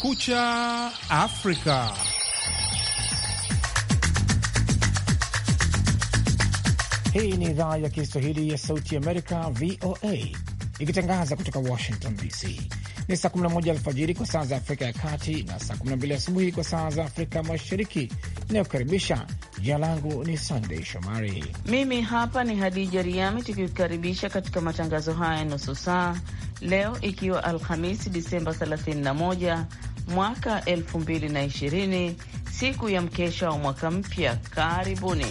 Kumekucha Afrika. Hii ni idhaa ya Kiswahili ya Sauti Amerika, VOA, ikitangaza kutoka Washington DC. Ni saa 11 alfajiri kwa saa za Afrika ya Kati na saa 12 asubuhi kwa saa za Afrika Mashariki inayokaribisha. Jina langu ni sandei Shomari, mimi hapa ni Hadija Riami, tukikukaribisha katika matangazo haya nusu saa leo, ikiwa Alhamisi Disemba 31 mwaka 2020 siku ya mkesha wa mwaka mpya. Karibuni.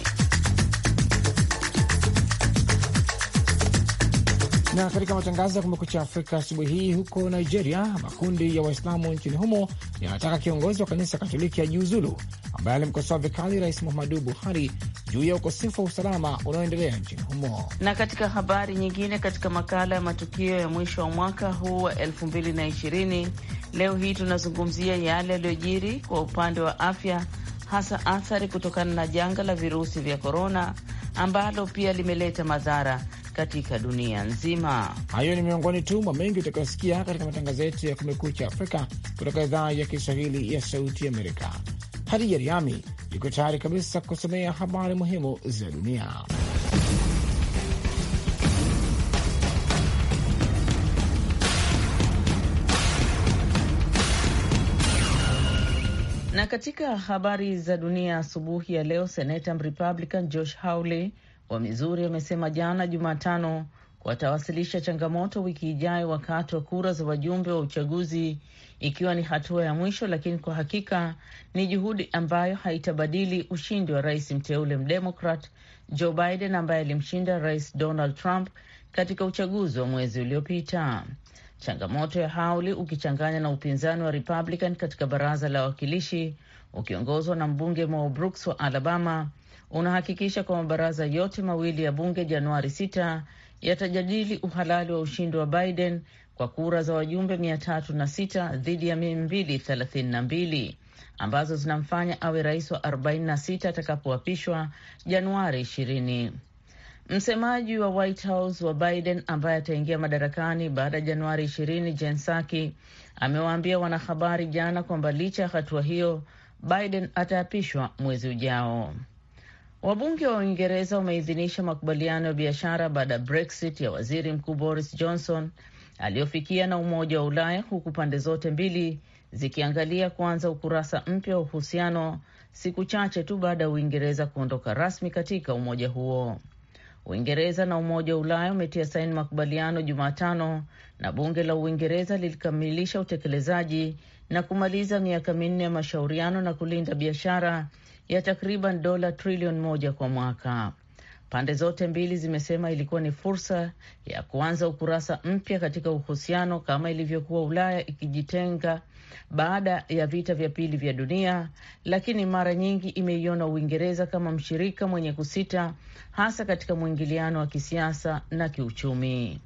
Na katika matangazo ya Kumekucha Afrika asubuhi hii, huko Nigeria, makundi ya Waislamu nchini humo yanataka kiongozi wa kanisa Katoliki ajiuzulu, ambaye alimkosoa vikali Rais Muhammadu Buhari juu ya ukosefu wa usalama unaoendelea nchini humo. Na katika habari nyingine, katika makala ya matukio ya mwisho wa mwaka huu wa 2020 Leo hii tunazungumzia yale yaliyojiri kwa upande wa afya, hasa athari kutokana na janga la virusi vya korona ambalo pia limeleta madhara katika dunia nzima. Hayo ni miongoni tu mwa mengi utakayosikia katika matangazo yetu ya Kumekucha Afrika kutoka idhaa ya Kiswahili ya Sauti Amerika. Hadija Riami yuko tayari kabisa kusomea habari muhimu za dunia. katika habari za dunia asubuhi ya leo, seneta Mrepublican Josh Hawley wa Mizuri amesema jana Jumatano watawasilisha changamoto wiki ijayo wakati wa kura za wajumbe wa uchaguzi, ikiwa ni hatua ya mwisho, lakini kwa hakika ni juhudi ambayo haitabadili ushindi wa rais mteule mdemokrat Joe Biden ambaye alimshinda rais Donald Trump katika uchaguzi wa mwezi uliopita changamoto ya Hauli ukichanganya na upinzani wa Republican katika baraza la wawakilishi ukiongozwa na mbunge Mo Brooks wa Alabama unahakikisha kwa mabaraza yote mawili ya bunge Januari 6 yatajadili uhalali wa ushindi wa Biden kwa kura za wajumbe 306 dhidi ya 232 ambazo zinamfanya awe rais wa 46 atakapoapishwa Januari 20. Msemaji wa White House wa Biden ambaye ataingia madarakani baada ya Januari 20, Jen Psaki amewaambia wanahabari jana kwamba licha ya hatua hiyo, Biden ataapishwa mwezi ujao. Wabunge wa Uingereza wameidhinisha makubaliano ya biashara baada ya Brexit ya waziri mkuu Boris Johnson aliyofikia na Umoja wa Ulaya, huku pande zote mbili zikiangalia kuanza ukurasa mpya wa uhusiano siku chache tu baada ya Uingereza kuondoka rasmi katika umoja huo. Uingereza na Umoja wa Ulaya umetia saini makubaliano Jumatano na bunge la Uingereza lilikamilisha utekelezaji na kumaliza miaka minne ya mashauriano na kulinda biashara ya takriban dola trilioni moja kwa mwaka. Pande zote mbili zimesema ilikuwa ni fursa ya kuanza ukurasa mpya katika uhusiano kama ilivyokuwa Ulaya ikijitenga baada ya vita vya pili vya dunia, lakini mara nyingi imeiona Uingereza kama mshirika mwenye kusita, hasa katika mwingiliano wa kisiasa na kiuchumi.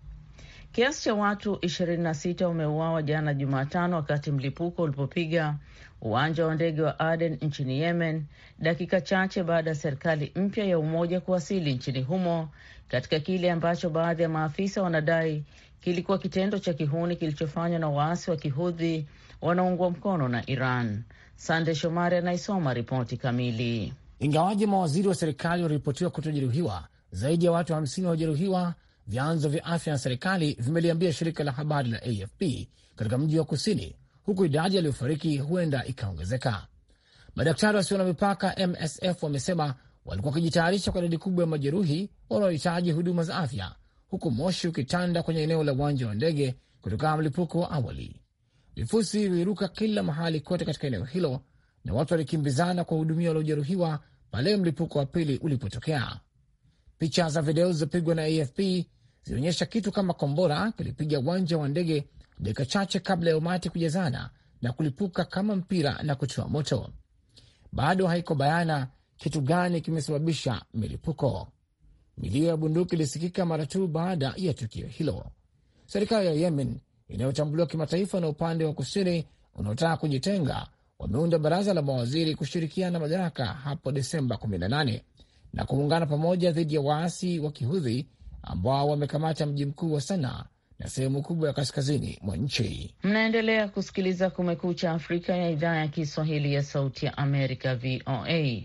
Kiasi cha watu 26 wameuawa jana Jumatano wakati mlipuko ulipopiga uwanja wa ndege wa Aden nchini Yemen, dakika chache baada ya serikali mpya ya umoja kuwasili nchini humo, katika kile ambacho baadhi ya maafisa wanadai kilikuwa kitendo cha kihuni kilichofanywa na waasi wa Kihudhi wanaungwa mkono na Iran. Sande Shomari anaisoma ripoti kamili. Ingawaji mawaziri wa serikali waliripotiwa kutojeruhiwa, zaidi ya watu 50 waliojeruhiwa, vyanzo vya afya na serikali vimeliambia shirika la habari la AFP katika mji wa kusini, huku idadi yaliyofariki huenda ikaongezeka. Madaktari wasio na mipaka MSF wamesema walikuwa wakijitayarisha kwa idadi kubwa ya majeruhi wanaohitaji huduma za afya, huku moshi ukitanda kwenye eneo la uwanja wa ndege kutokana na mlipuko wa awali. Vifusi viliruka kila mahali kote katika eneo hilo na watu walikimbizana kuwahudumia waliojeruhiwa pale mlipuko wa pili ulipotokea. Picha za video zilizopigwa na AFP zilionyesha kitu kama kombora kilipiga uwanja wa ndege dakika chache kabla ya umati kujazana na kulipuka kama mpira na kutoa moto. Bado haiko bayana kitu gani kimesababisha milipuko. Milio ya bunduki ilisikika mara tu baada ya tukio hilo. Serikali ya Yemen inayotambuliwa kimataifa na upande wa kusini unaotaka kujitenga wameunda baraza la mawaziri kushirikiana madaraka hapo Desemba 18 na kuungana pamoja dhidi ya waasi wa kihudhi ambao wamekamata mji mkuu wa Sanaa na sehemu kubwa ya kaskazini mwa nchi. Mnaendelea kusikiliza Kumekucha Afrika ya idhaa ya Kiswahili ya Sauti ya Amerika, VOA.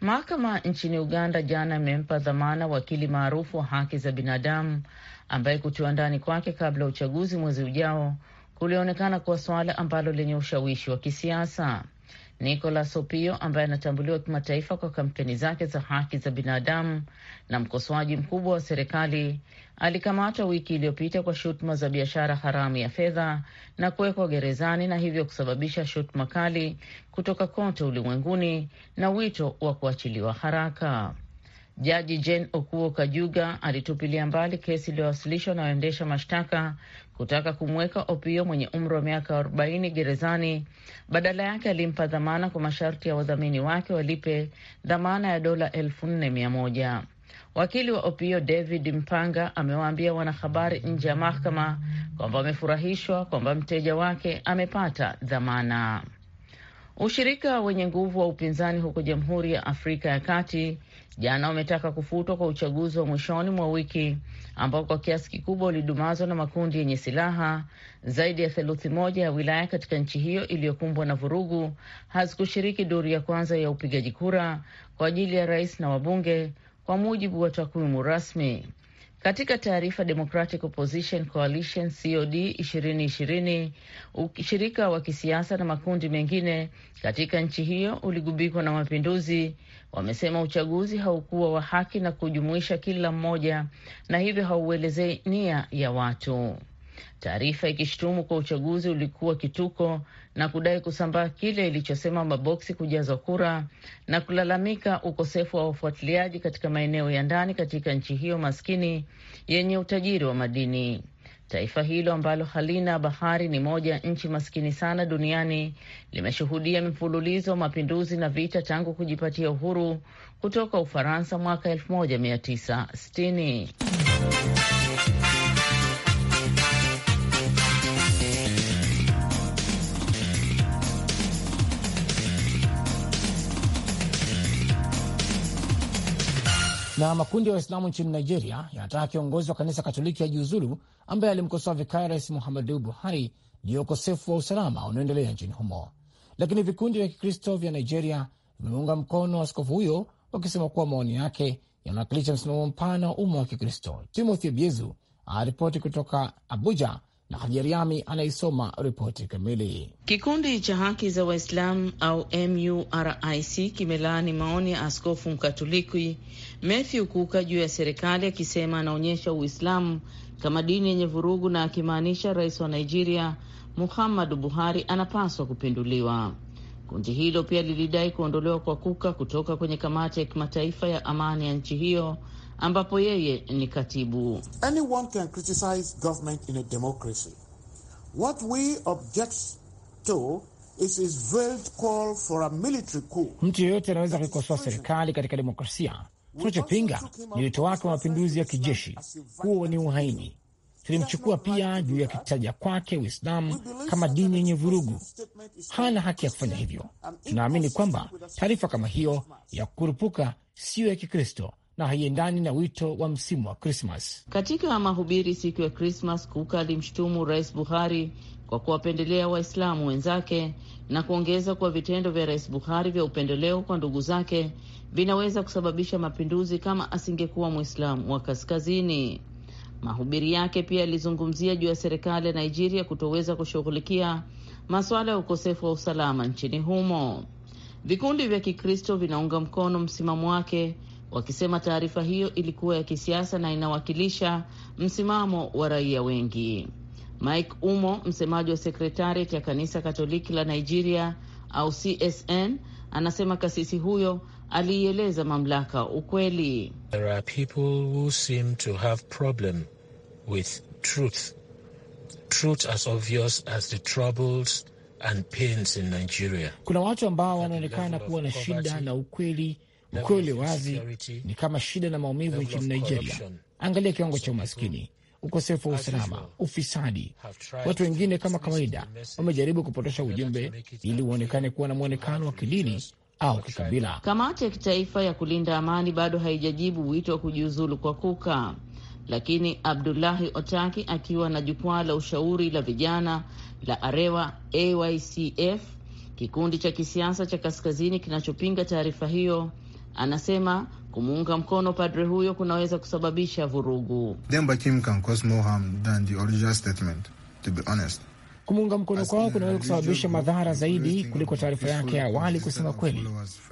Mahakama nchini Uganda jana imempa dhamana wakili maarufu wa haki za binadamu ambaye kutiwa ndani kwake kabla ya uchaguzi mwezi ujao kulionekana kuwa suala ambalo lenye ushawishi wa kisiasa. Nicolas Opio ambaye anatambuliwa kimataifa kwa kampeni zake za haki za binadamu na mkosoaji mkubwa wa serikali alikamatwa wiki iliyopita kwa shutuma za biashara haramu ya fedha na kuwekwa gerezani na hivyo kusababisha shutuma kali kutoka kote ulimwenguni na wito wa kuachiliwa haraka. Jaji Jane Okuo Kajuga alitupilia mbali kesi iliyowasilishwa na waendesha mashtaka kutaka kumweka Opio mwenye umri wa miaka 40 gerezani. Badala yake alimpa dhamana kwa masharti ya wadhamini wake walipe dhamana ya dola elfu nne mia moja. Wakili wa Opio David Mpanga amewaambia wanahabari nje ya mahakama kwamba amefurahishwa kwamba mteja wake amepata dhamana. Ushirika wenye nguvu wa upinzani huko Jamhuri ya Afrika ya Kati jana wametaka kufutwa kwa uchaguzi wa mwishoni mwa wiki ambao kwa kiasi kikubwa ulidumazwa na makundi yenye silaha. Zaidi ya theluthi moja ya wilaya katika nchi hiyo iliyokumbwa na vurugu hazikushiriki duru ya kwanza ya upigaji kura kwa ajili ya rais na wabunge, kwa mujibu wa takwimu rasmi. Katika taarifa Democratic Opposition Coalition COD 2020, ushirika wa kisiasa na makundi mengine katika nchi hiyo uligubikwa na mapinduzi, wamesema uchaguzi haukuwa wa haki na kujumuisha kila mmoja, na hivyo hauelezei nia ya watu taarifa ikishutumu kwa uchaguzi ulikuwa kituko na kudai kusambaa kile ilichosema maboksi kujazwa kura na kulalamika ukosefu wa wafuatiliaji katika maeneo ya ndani katika nchi hiyo maskini yenye utajiri wa madini. Taifa hilo ambalo halina bahari ni moja ya nchi maskini sana duniani limeshuhudia mfululizo wa mapinduzi na vita tangu kujipatia uhuru kutoka Ufaransa mwaka 1960. Na makundi ya Waislamu nchini Nigeria yanataka kiongozi wa kanisa Katoliki ajiuzulu, ambaye alimkosoa vikali Rais Muhammadu Buhari juu ya ukosefu wa usalama unaoendelea nchini humo. Lakini vikundi vya Kikristo vya Nigeria vimeunga mkono askofu huyo, wakisema kuwa maoni yake yanawakilisha msimamo mpana wa umma wa Kikristo. Timothy Biezu aripoti kutoka Abuja na Hadiariami anaisoma ripoti kamili. Kikundi cha haki za Waislamu au MURIC kimelaani maoni ya askofu mkatoliki Mathew Kuka juu ya serikali akisema anaonyesha Uislamu kama dini yenye vurugu na akimaanisha rais wa Nigeria Muhammadu Buhari anapaswa kupinduliwa. Kundi hilo pia lilidai kuondolewa kwa Kuka kutoka kwenye kamati ya kimataifa ya amani ya nchi hiyo ambapo yeye ni katibu. Anyone can criticize government in a democracy. What we object to is veiled call for a military coup. Mtu yeyote anaweza kuikosoa serikali katika demokrasia. Tunachopinga ni wito wake wa mapinduzi ya kijeshi, huo ni uhaini. Tulimchukua pia juu ya kitaja kwake Uislamu kama dini yenye vurugu. Hana haki ya kufanya hivyo. Tunaamini kwamba taarifa kama hiyo ya kukurupuka siyo ya Kikristo na haiendani na wito wa msimu wa Krismas. Katika mahubiri siku ya Krismas, Kuka alimshutumu Rais Buhari kwa kuwapendelea Waislamu wenzake na kuongeza kuwa vitendo vya Rais Buhari vya upendeleo kwa ndugu zake vinaweza kusababisha mapinduzi kama asingekuwa Mwislamu wa kaskazini. Mahubiri yake pia yalizungumzia juu ya serikali ya Nigeria kutoweza kushughulikia masuala ya ukosefu wa usalama nchini humo. Vikundi vya Kikristo vinaunga mkono msimamo wake wakisema taarifa hiyo ilikuwa ya kisiasa na inawakilisha msimamo wa raia wengi. Mike Umo, msemaji wa sekretariat ya kanisa Katoliki la Nigeria au CSN, anasema kasisi huyo aliieleza mamlaka ukweli. There are people who seem to have problem with truth. Truth as obvious as the troubles and pains in Nigeria. Kuna watu ambao wanaonekana kuwa na shida na ukweli Ukweli wazi ni kama shida na maumivu nchini Nigeria. Angalia kiwango cha umaskini, ukosefu wa usalama, ufisadi. Watu wengine kama kawaida wamejaribu kupotosha ujumbe ili uonekane kuwa na mwonekano wa kidini au kikabila. Kamati ya kitaifa ya kulinda amani bado haijajibu wito wa kujiuzulu kwa Kuka, lakini Abdullahi Otaki akiwa na jukwaa la ushauri la vijana la Arewa AYCF, kikundi cha kisiasa cha kaskazini kinachopinga taarifa hiyo Anasema kumuunga mkono padre huyo kunaweza kusababisha vurugu. Kumuunga mkono kwao kunaweza kusababisha madhara zaidi kuliko taarifa yake ya awali kusema kweli.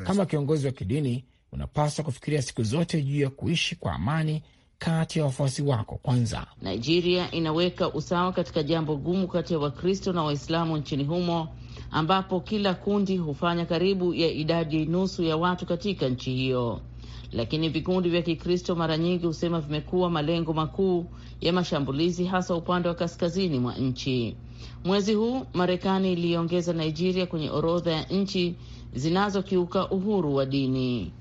Kama kiongozi wa kidini, unapaswa kufikiria siku zote juu ya kuishi kwa amani kati ya wafuasi wako kwanza. Nigeria inaweka usawa katika jambo gumu kati ya Wakristo na Waislamu nchini humo ambapo kila kundi hufanya karibu ya idadi nusu ya watu katika nchi hiyo. Lakini vikundi vya Kikristo mara nyingi husema vimekuwa malengo makuu ya mashambulizi, hasa upande wa kaskazini mwa nchi. Mwezi huu Marekani iliongeza Nigeria kwenye orodha ya nchi zinazokiuka uhuru wa dini.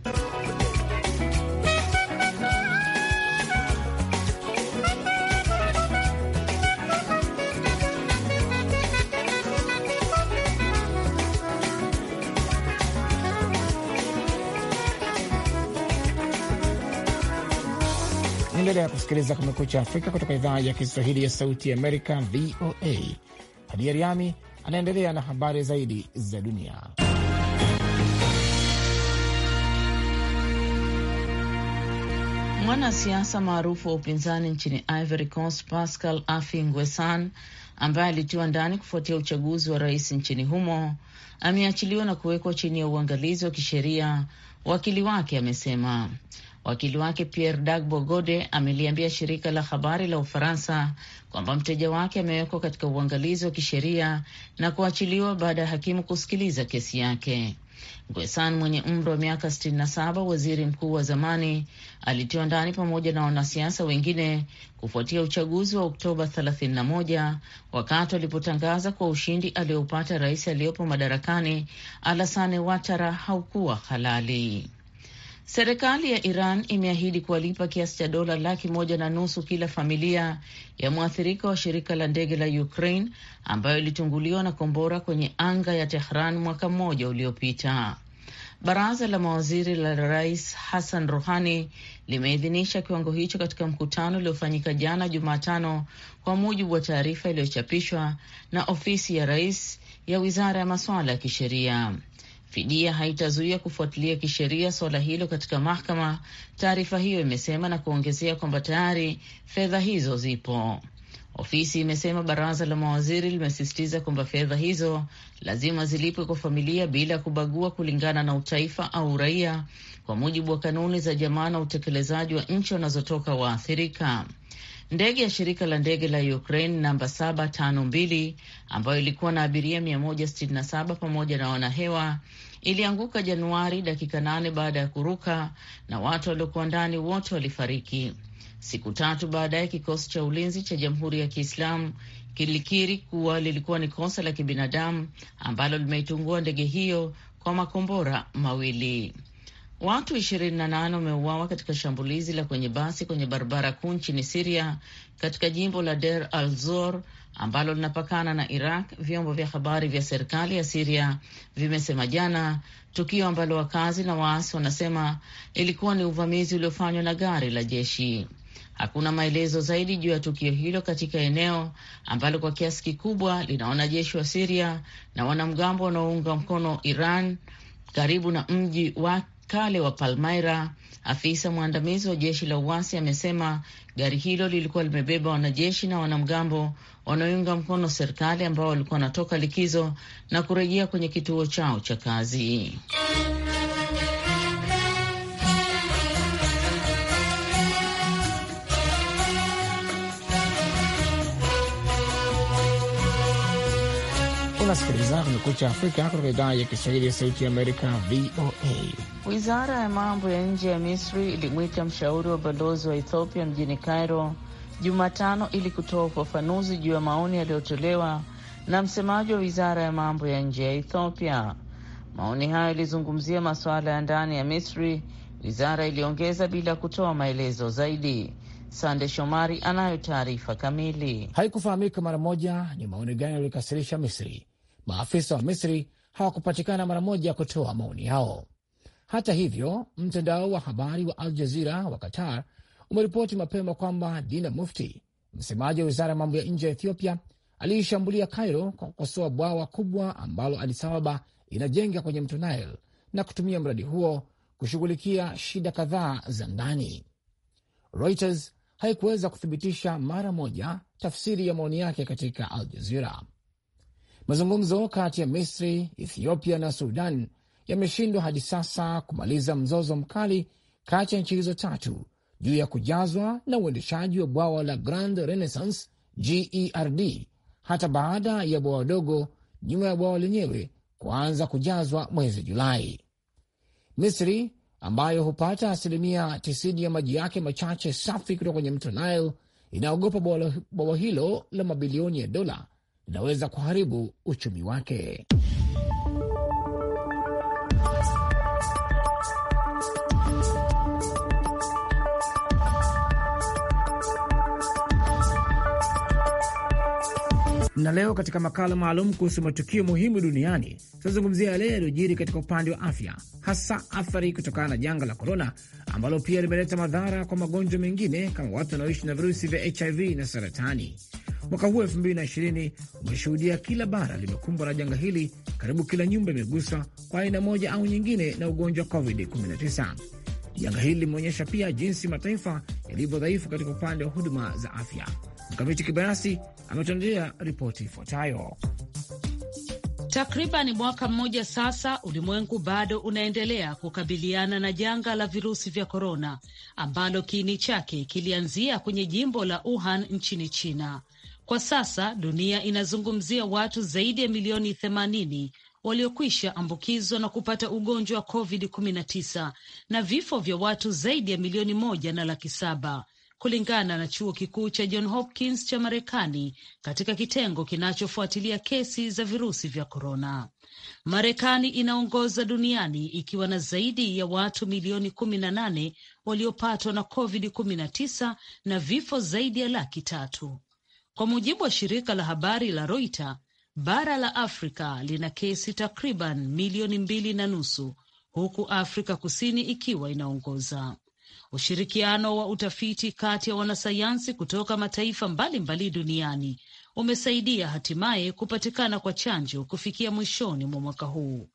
Unaendelea kusikiliza Kumekucha Afrika kutoka idhaa ya Kiswahili ya Sauti ya Amerika, VOA. Hadia Riami anaendelea na habari zaidi za dunia. Mwanasiasa maarufu wa upinzani nchini Ivory Coast Pascal Afi Nguesan, ambaye alitiwa ndani kufuatia uchaguzi wa rais nchini humo ameachiliwa na kuwekwa chini ya uangalizi wa kisheria, wakili wake amesema. Wakili wake Pierre Dagbo Gode ameliambia shirika la habari la Ufaransa kwamba mteja wake amewekwa katika uangalizi wa kisheria na kuachiliwa baada ya hakimu kusikiliza kesi yake. gwesan mwenye umri wa miaka 67, waziri mkuu wa zamani, alitiwa ndani pamoja na wanasiasa wengine kufuatia uchaguzi wa Oktoba 31 wakati walipotangaza kuwa ushindi aliyoupata rais aliyopo madarakani Alassane Ouattara haukuwa halali. Serikali ya Iran imeahidi kuwalipa kiasi cha dola laki moja na nusu kila familia ya mwathirika wa shirika la ndege la Ukraine ambayo ilitunguliwa na kombora kwenye anga ya Tehran mwaka mmoja uliopita. Baraza la mawaziri la Rais Hassan Rouhani limeidhinisha kiwango hicho katika mkutano uliofanyika jana Jumatano, kwa mujibu wa taarifa iliyochapishwa na ofisi ya rais ya wizara ya masuala ya kisheria. Fidia haitazuia kufuatilia kisheria suala hilo katika mahakama, taarifa hiyo imesema na kuongezea kwamba tayari fedha hizo zipo. Ofisi imesema baraza la mawaziri limesisitiza kwamba fedha hizo lazima zilipwe kwa familia bila kubagua kulingana na utaifa au uraia, kwa mujibu wa kanuni za jamaa na utekelezaji wa nchi wanazotoka waathirika. Ndege ya shirika la ndege la Ukraine namba 752 ambayo ilikuwa na abiria 167 pamoja na wanahewa ilianguka Januari dakika nane baada ya kuruka, na watu waliokuwa ndani wote walifariki. Siku tatu baadaye, kikosi cha ulinzi cha Jamhuri ya Kiislamu kilikiri kuwa lilikuwa ni kosa la kibinadamu ambalo limeitungua ndege hiyo kwa makombora mawili. Watu 28 wameuawa katika shambulizi la kwenye basi kwenye barabara kuu nchini Siria katika jimbo la Der al Zor ambalo linapakana na Iraq, vyombo vya habari vya serikali ya Siria vimesema jana, tukio ambalo wakazi na waasi wanasema ilikuwa ni uvamizi uliofanywa na gari la jeshi. Hakuna maelezo zaidi juu ya tukio hilo katika eneo ambalo kwa kiasi kikubwa lina wanajeshi wa Siria na wanamgambo wanaounga mkono Iran karibu na mji wa kale wa Palmaira. Afisa mwandamizi wa jeshi la uasi amesema gari hilo lilikuwa limebeba wanajeshi na wanamgambo wanaoiunga mkono serikali ambao walikuwa wanatoka likizo na kurejea kwenye kituo chao cha kazi. nasikiliza Kumekucha Afrika kutoka idhaa ya Kiswahili ya Sauti ya Amerika, VOA. Wizara ya mambo ya nje ya Misri ilimwita mshauri wa balozi wa Ethiopia mjini Cairo Jumatano ili kutoa ufafanuzi juu ya maoni yaliyotolewa na msemaji wa wizara ya mambo ya nje ya Ethiopia. Maoni hayo yalizungumzia masuala ya ndani ya Misri, wizara iliongeza bila kutoa maelezo zaidi. Sande Shomari anayo taarifa kamili. Haikufahamika mara moja ni maoni gani yaliyokasirisha Misri, Maafisa wa Misri hawakupatikana mara moja kutoa maoni yao. Hata hivyo, mtandao wa habari wa Al Jazira wa Qatar umeripoti mapema kwamba Dina Mufti, msemaji wa wizara ya mambo ya nje ya Ethiopia, aliishambulia Cairo kwa kukosoa bwawa kubwa ambalo Addis Ababa inajenga kwenye mto Nile na kutumia mradi huo kushughulikia shida kadhaa za ndani. Reuters haikuweza kuthibitisha mara moja tafsiri ya maoni yake katika Al Jazira. Mazungumzo kati ya Misri, Ethiopia na Sudan yameshindwa hadi sasa kumaliza mzozo mkali kati ya nchi hizo tatu juu ya kujazwa na uendeshaji wa bwawa la Grand Renaissance GERD hata baada ya bwawa dogo nyuma ya bwawa lenyewe kuanza kujazwa mwezi Julai. Misri ambayo hupata asilimia tisini ya maji yake machache safi kutoka kwenye mto Nile inaogopa bwawa hilo la mabilioni ya dola inaweza kuharibu uchumi wake. Na leo katika makala maalum kuhusu matukio muhimu duniani tunazungumzia yale yaliyojiri katika upande wa afya, hasa athari kutokana na janga la korona ambalo pia limeleta madhara kwa magonjwa mengine kama watu wanaoishi na virusi vya HIV na saratani. Mwaka huu elfu mbili na ishirini umeshuhudia kila bara limekumbwa na janga hili. Karibu kila nyumba imeguswa kwa aina moja au nyingine na ugonjwa wa COVID-19. Janga hili limeonyesha pia jinsi mataifa yalivyo dhaifu katika upande wa huduma za afya. Mkamiti Kibayasi ametuandalia ripoti ifuatayo. Takriban mwaka mmoja sasa, ulimwengu bado unaendelea kukabiliana na janga la virusi vya korona ambalo kiini chake kilianzia kwenye jimbo la Wuhan nchini China. Kwa sasa dunia inazungumzia watu zaidi ya milioni themanini waliokwisha ambukizwa na kupata ugonjwa wa COVID-19 na vifo vya watu zaidi ya milioni moja na laki saba kulingana na chuo kikuu cha John Hopkins cha Marekani katika kitengo kinachofuatilia kesi za virusi vya korona. Marekani inaongoza duniani ikiwa na zaidi ya watu milioni kumi na nane waliopatwa na COVID-19 na vifo zaidi ya laki tatu. Kwa mujibu wa shirika la habari la Reuters, bara la Afrika lina kesi takriban milioni mbili na nusu huku Afrika Kusini ikiwa inaongoza. Ushirikiano wa utafiti kati ya wanasayansi kutoka mataifa mbalimbali mbali duniani umesaidia hatimaye kupatikana kwa chanjo kufikia mwishoni mwa mwaka huu.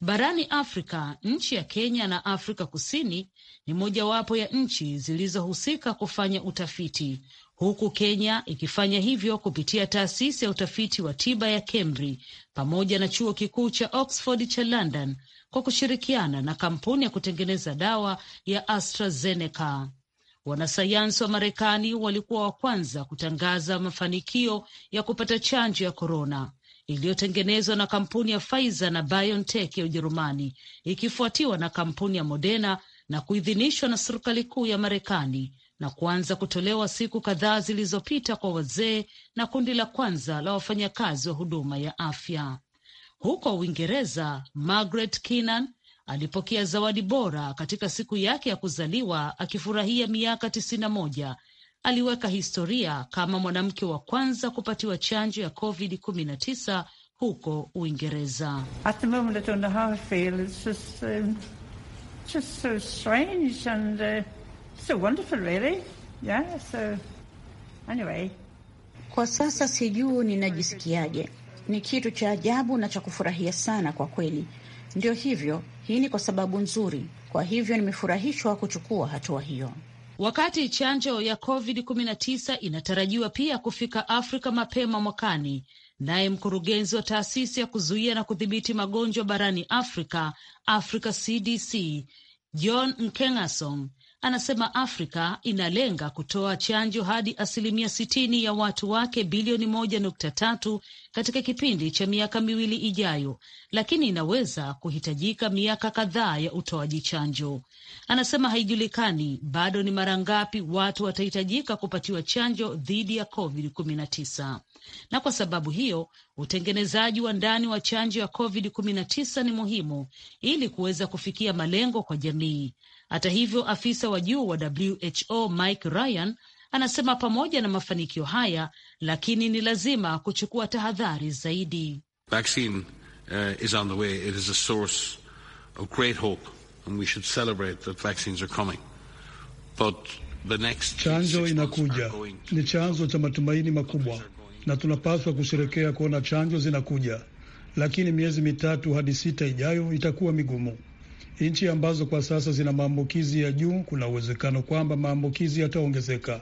Barani Afrika, nchi ya Kenya na Afrika Kusini ni mojawapo ya nchi zilizohusika kufanya utafiti huku Kenya ikifanya hivyo kupitia taasisi ya utafiti wa tiba ya cambri pamoja na chuo kikuu cha Oxford cha London kwa kushirikiana na kampuni ya kutengeneza dawa ya AstraZeneca. Wanasayansi wa Marekani walikuwa wa kwanza kutangaza mafanikio ya kupata chanjo ya korona iliyotengenezwa na kampuni ya Pfizer na BioNTech ya Ujerumani, ikifuatiwa na kampuni ya Moderna na kuidhinishwa na serikali kuu ya Marekani na kuanza kutolewa siku kadhaa zilizopita kwa wazee na kundi la kwanza la wafanyakazi wa huduma ya afya. Huko Uingereza, Margaret Keenan alipokea zawadi bora katika siku yake ya kuzaliwa akifurahia miaka tisini na moja. Aliweka historia kama mwanamke wa kwanza kupatiwa chanjo ya COVID-19 huko Uingereza. At so wonderful really. Yeah, so anyway. Kwa sasa sijuu ninajisikiaje, ni kitu cha ajabu na cha kufurahia sana kwa kweli. Ndio hivyo, hii ni kwa sababu nzuri, kwa hivyo nimefurahishwa kuchukua hatua hiyo. Wakati chanjo ya COVID-19 inatarajiwa pia kufika Afrika mapema mwakani, naye mkurugenzi wa taasisi ya kuzuia na kudhibiti magonjwa barani Afrika, Africa CDC, John Nkengasong anasema Afrika inalenga kutoa chanjo hadi asilimia sitini ya watu wake bilioni moja nukta tatu katika kipindi cha miaka miwili ijayo, lakini inaweza kuhitajika miaka kadhaa ya utoaji chanjo. Anasema haijulikani bado ni mara ngapi watu watahitajika kupatiwa chanjo dhidi ya COVID-19, na kwa sababu hiyo utengenezaji wa ndani wa chanjo ya COVID-19 ni muhimu ili kuweza kufikia malengo kwa jamii. Hata hivyo, afisa wa juu wa WHO Mike Ryan anasema pamoja na mafanikio haya, lakini ni lazima kuchukua tahadhari zaidi. Vaccine, uh, is on the way. It is a source of great hope and we should celebrate that vaccines are coming. But the next chanjo inakuja ni chanzo cha matumaini makubwa na tunapaswa kusherekea kuona chanjo zinakuja, lakini miezi mitatu hadi sita ijayo itakuwa migumu. Nchi ambazo kwa sasa zina maambukizi ya juu, kuna uwezekano kwamba maambukizi yataongezeka.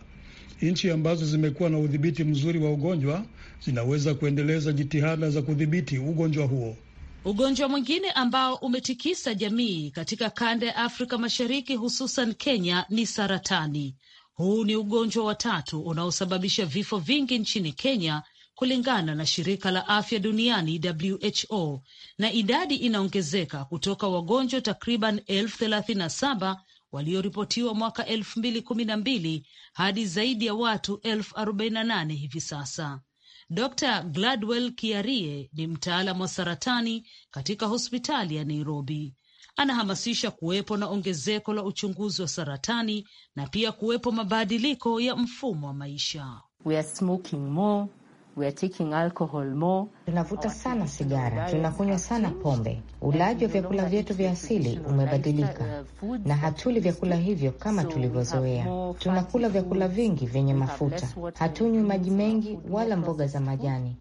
Nchi ambazo zimekuwa na udhibiti mzuri wa ugonjwa zinaweza kuendeleza jitihada za kudhibiti ugonjwa huo. Ugonjwa mwingine ambao umetikisa jamii katika kanda ya Afrika Mashariki, hususan Kenya, ni saratani. Huu ni ugonjwa wa tatu unaosababisha vifo vingi nchini Kenya kulingana na shirika la afya duniani WHO, na idadi inaongezeka kutoka wagonjwa takriban elfu thelathini na saba walioripotiwa mwaka elfu mbili kumi na mbili hadi zaidi ya watu elfu arobaini na nane hivi sasa. Dr Gladwell Kiarie ni mtaalam wa saratani katika hospitali ya Nairobi. Anahamasisha kuwepo na ongezeko la uchunguzi wa saratani na pia kuwepo mabadiliko ya mfumo wa maisha. We are smoking more. We are taking alcohol more. Tunavuta sana sigara, tunakunywa sana pombe. Ulaji wa vyakula vyetu vya asili umebadilika uh, na hatuli vyakula hivyo kama tulivyozoea. Tunakula vyakula vingi vyenye mafuta, hatunywi maji mengi wala mboga za majani.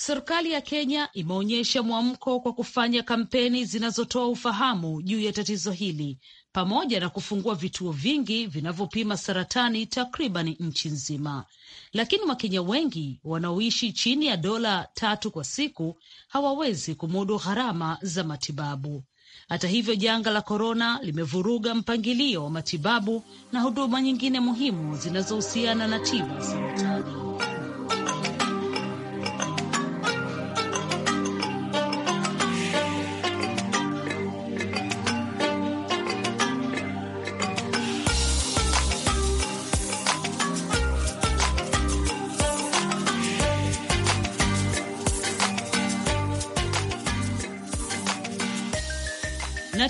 Serikali ya Kenya imeonyesha mwamko kwa kufanya kampeni zinazotoa ufahamu juu ya tatizo hili pamoja na kufungua vituo vingi vinavyopima saratani takriban nchi nzima, lakini Wakenya wengi wanaoishi chini ya dola tatu kwa siku hawawezi kumudu gharama za matibabu. Hata hivyo, janga la korona limevuruga mpangilio wa matibabu na huduma nyingine muhimu zinazohusiana na tiba saratani.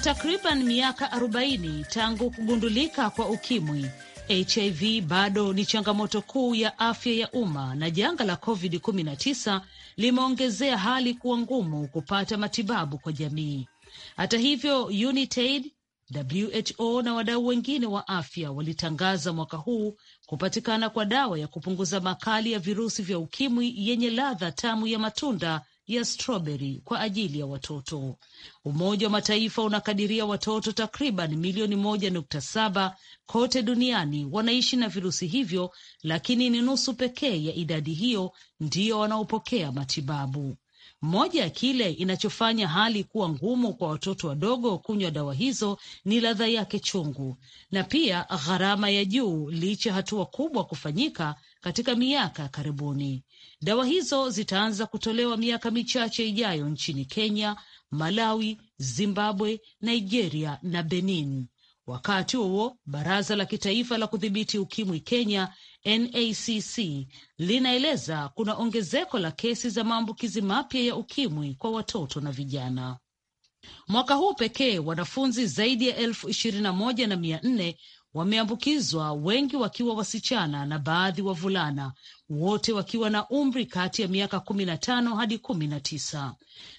takriban miaka 40 tangu kugundulika kwa ukimwi, HIV bado ni changamoto kuu ya afya ya umma na janga la COVID-19 limeongezea hali kuwa ngumu kupata matibabu kwa jamii. Hata hivyo, UNITAID, WHO na wadau wengine wa afya walitangaza mwaka huu kupatikana kwa dawa ya kupunguza makali ya virusi vya ukimwi yenye ladha tamu ya matunda ya strawberry kwa ajili ya watoto. Umoja wa Mataifa unakadiria watoto takriban milioni moja nukta saba kote duniani wanaishi na virusi hivyo, lakini ni nusu pekee ya idadi hiyo ndiyo wanaopokea matibabu. Moja ya kile inachofanya hali kuwa ngumu kwa watoto wadogo kunywa dawa hizo ni ladha yake chungu na pia gharama ya juu, licha hatua kubwa kufanyika katika miaka ya karibuni. Dawa hizo zitaanza kutolewa miaka michache ijayo nchini Kenya, Malawi, Zimbabwe, Nigeria na Benin. Wakati huo baraza la kitaifa la kudhibiti ukimwi Kenya, NACC, linaeleza kuna ongezeko la kesi za maambukizi mapya ya ukimwi kwa watoto na vijana. Mwaka huu pekee wanafunzi zaidi ya elfu ishirini na moja na mia nne wameambukizwa, wengi wakiwa wasichana na baadhi wavulana, wote wakiwa na umri kati ya miaka kumi na tano hadi kumi na tisa.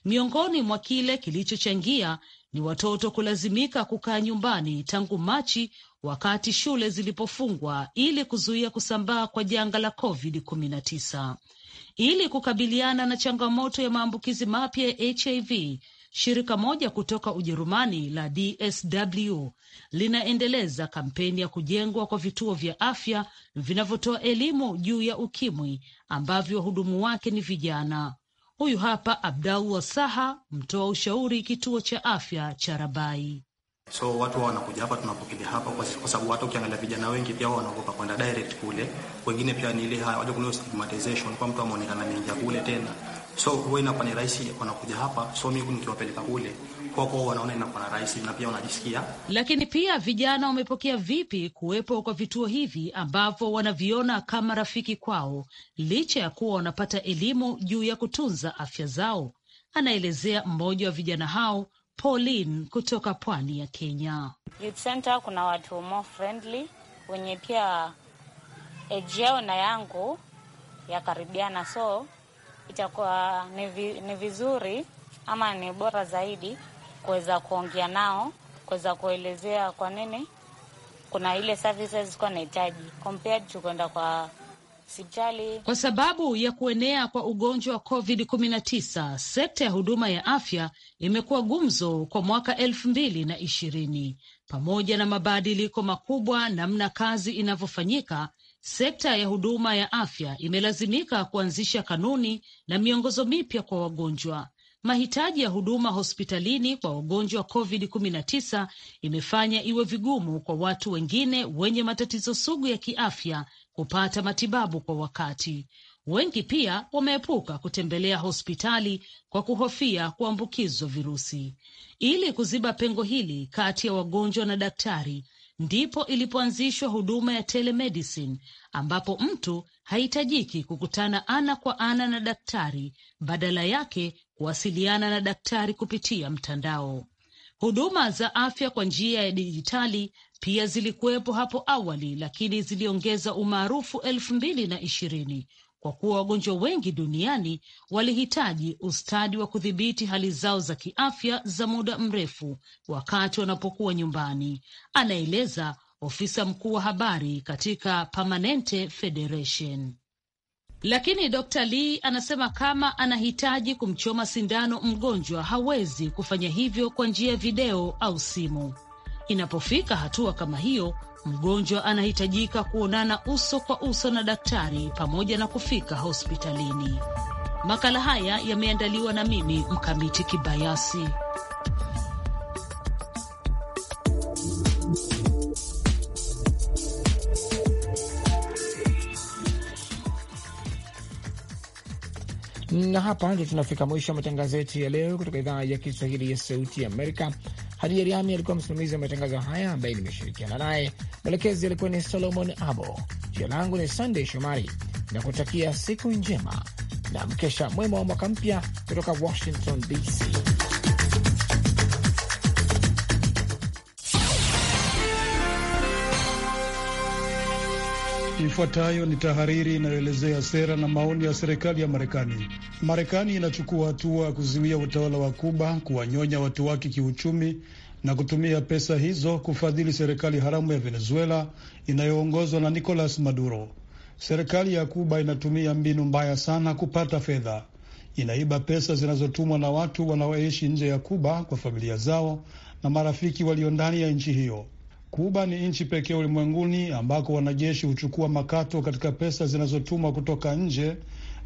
Miongoni mwa kile kilichochangia ni watoto kulazimika kukaa nyumbani tangu Machi wakati shule zilipofungwa ili kuzuia kusambaa kwa janga la COVID-19. Ili kukabiliana na changamoto ya maambukizi mapya ya HIV, Shirika moja kutoka Ujerumani la DSW linaendeleza kampeni ya kujengwa kwa vituo vya afya vinavyotoa elimu juu ya ukimwi ambavyo wahudumu wake ni vijana. Huyu hapa Abdallah Saha, mtoa ushauri kituo cha afya cha Rabai. So watu wao wanakuja hapa, tunapokilia hapa, kwa sababu hata ukiangalia vijana wengi pia wao wanaogopa kwenda direct kule. Wengine pia ni ile haya waje kuna stigmatization kwa mtu ameonekana ameingia kule tena So huwa inakuwa ni rahisi wanakuja hapa, so mimi nikiwapeleka kule kwa kwa wanaona inakuwa na rahisi na pia wanajisikia. Lakini pia vijana wamepokea vipi kuwepo kwa vituo hivi ambavyo wanaviona kama rafiki kwao, licha ya kuwa wanapata elimu juu ya kutunza afya zao? Anaelezea mmoja wa vijana hao Pauline kutoka pwani ya Kenya. Youth Center kuna watu more friendly wenye pia age yao na yangu ya karibiana so itakuwa ni, vizuri ama ni bora zaidi kuweza kuongea nao, kuweza kuelezea kwa nini kuna ile services kwa nahitaji compared to kwenda kwa sipitali. Kwa sababu ya kuenea kwa ugonjwa wa COVID-19, sekta ya huduma ya afya imekuwa gumzo kwa mwaka elfu mbili na ishirini pamoja na mabadiliko makubwa namna kazi inavyofanyika Sekta ya huduma ya afya imelazimika kuanzisha kanuni na miongozo mipya kwa wagonjwa. Mahitaji ya huduma hospitalini kwa wagonjwa wa COVID-19 imefanya iwe vigumu kwa watu wengine wenye matatizo sugu ya kiafya kupata matibabu kwa wakati. Wengi pia wameepuka kutembelea hospitali kwa kuhofia kuambukizwa virusi. Ili kuziba pengo hili kati ya wagonjwa na daktari, ndipo ilipoanzishwa huduma ya telemedicine ambapo mtu hahitajiki kukutana ana kwa ana na daktari, badala yake kuwasiliana na daktari kupitia mtandao. Huduma za afya kwa njia ya dijitali pia zilikuwepo hapo awali, lakini ziliongeza umaarufu elfu mbili na ishirini kwa kuwa wagonjwa wengi duniani walihitaji ustadi wa kudhibiti hali zao za kiafya za muda mrefu wakati wanapokuwa nyumbani, anaeleza ofisa mkuu wa habari katika Permanente Federation. Lakini Dr. Lee anasema kama anahitaji kumchoma sindano mgonjwa, hawezi kufanya hivyo kwa njia ya video au simu. Inapofika hatua kama hiyo mgonjwa anahitajika kuonana uso kwa uso na daktari pamoja na kufika hospitalini. Makala haya yameandaliwa na mimi Mkamiti Kibayasi. Na hapa ndio tunafika mwisho wa matangazo yetu ya leo kutoka idhaa ya Kiswahili ya Sauti ya Amerika. Hadija Riami alikuwa msimamizi wa matangazo haya ambaye nimeshirikiana naye. Mwelekezi alikuwa ni Solomon Abo. Jina langu ni Sandey Shomari na kutakia siku njema na mkesha mwema wa mwaka mpya kutoka Washington DC. Ifuatayo ni tahariri inayoelezea sera na maoni ya serikali ya Marekani. Marekani inachukua hatua ya kuzuia utawala wa Kuba kuwanyonya watu wake kiuchumi na kutumia pesa hizo kufadhili serikali haramu ya Venezuela inayoongozwa na Nicolas Maduro. Serikali ya Kuba inatumia mbinu mbaya sana kupata fedha. Inaiba pesa zinazotumwa na watu wanaoishi nje ya Kuba kwa familia zao na marafiki walio ndani ya nchi hiyo. Kuba ni nchi pekee ulimwenguni ambako wanajeshi huchukua makato katika pesa zinazotumwa kutoka nje,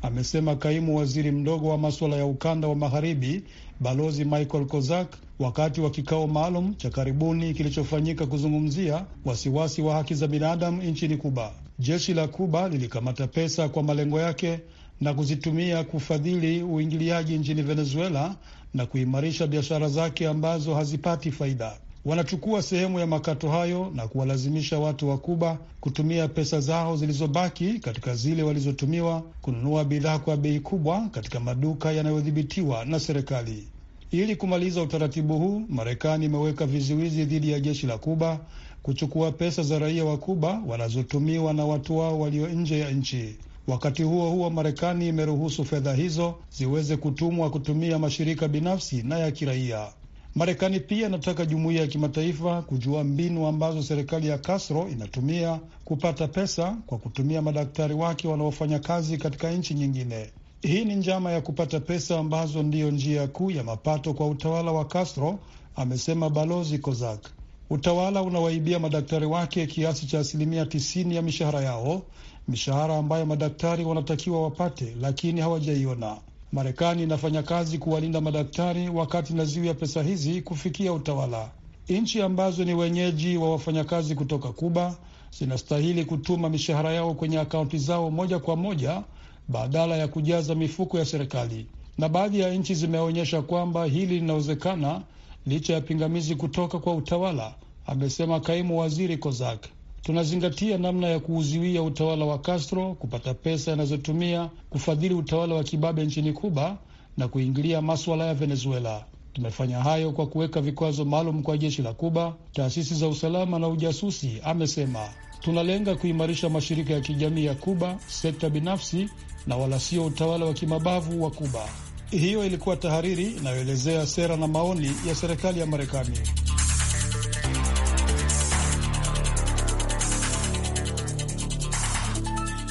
amesema kaimu waziri mdogo wa maswala ya ukanda wa magharibi Balozi Michael Kozak wakati wa kikao maalum cha karibuni kilichofanyika kuzungumzia wasiwasi wa haki za binadamu nchini Kuba. Jeshi la Kuba lilikamata pesa kwa malengo yake na kuzitumia kufadhili uingiliaji nchini Venezuela na kuimarisha biashara zake ambazo hazipati faida wanachukua sehemu ya makato hayo na kuwalazimisha watu wa Kuba kutumia pesa zao zilizobaki katika zile walizotumiwa kununua bidhaa kwa bei kubwa katika maduka yanayodhibitiwa na serikali. Ili kumaliza utaratibu huu, Marekani imeweka vizuizi dhidi ya jeshi la Kuba kuchukua pesa za raia wa Kuba wanazotumiwa na watu wao walio nje ya nchi. Wakati huo huo, Marekani imeruhusu fedha hizo ziweze kutumwa kutumia mashirika binafsi na ya kiraia. Marekani pia inataka jumuiya ya kimataifa kujua mbinu ambazo serikali ya Castro inatumia kupata pesa kwa kutumia madaktari wake wanaofanya kazi katika nchi nyingine. Hii ni njama ya kupata pesa ambazo ndiyo njia kuu ya mapato kwa utawala wa Castro, amesema balozi Kozak. Utawala unawaibia madaktari wake kiasi cha asilimia tisini ya mishahara yao, mishahara ambayo madaktari wanatakiwa wapate, lakini hawajaiona. Marekani inafanya kazi kuwalinda madaktari wakati ya pesa hizi kufikia utawala. Nchi ambazo ni wenyeji wa wafanyakazi kutoka Kuba zinastahili kutuma mishahara yao kwenye akaunti zao moja kwa moja badala ya kujaza mifuko ya serikali, na baadhi ya nchi zimeonyesha kwamba hili linawezekana licha ya pingamizi kutoka kwa utawala, amesema kaimu waziri Kozak. Tunazingatia namna ya kuuziwia utawala wa Castro kupata pesa yanazotumia kufadhili utawala wa kibabe nchini Kuba na kuingilia maswala ya Venezuela. Tumefanya hayo kwa kuweka vikwazo maalum kwa jeshi la Kuba, taasisi za usalama na ujasusi, amesema. Tunalenga kuimarisha mashirika ya kijamii ya Kuba, sekta binafsi na wala sio utawala wa kimabavu wa Kuba. Hiyo ilikuwa tahariri inayoelezea sera na maoni ya serikali ya Marekani.